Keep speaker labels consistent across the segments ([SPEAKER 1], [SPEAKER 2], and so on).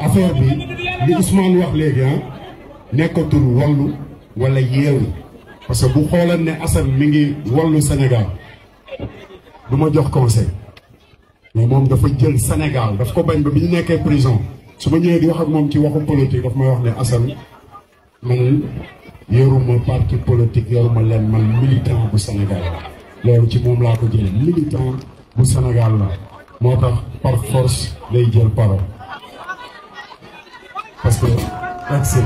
[SPEAKER 1] affaire bi li Ousmane wax léegi ah nekkatul wallu wala yeewu parce que bu xoolan ne Assane mi ngi wallu Sénégal du ma jox conseil mais moom dafa jël Sénégal daf ko bañ ba bi ñu nekkee prison su ma di wax ak moom ci waxu politique daf may wax ne Assane man yoruma parti politique yoruma leen man militant bu Sénégal la ci moom laa ko jëlee militant bu Sénégal la moo par force lay jël parole Excellent.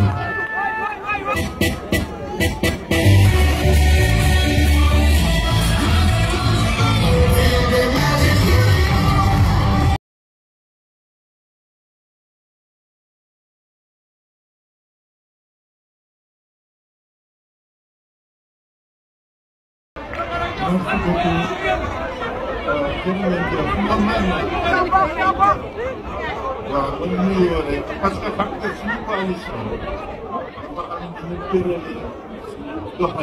[SPEAKER 1] parce que coalition dafa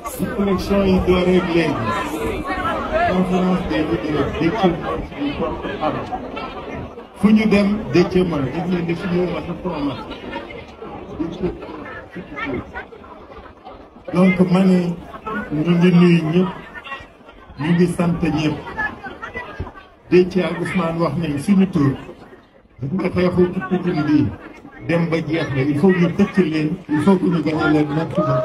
[SPEAKER 1] am ñu yi dooree léegi conférence des leaders Déthié Fall suñu fu ñu dem Déthié Fall gis ngeen ne suñu ma donc ma ne ñu ngi nuyu ñëpp ñu ngi sant ñëpp Déthié ak Ousmane wax nañ suñu tur gis nga xeexu tukki bi dem ba jeex na il faut ñu tëcc leen il faut que ñu gañe leen maximum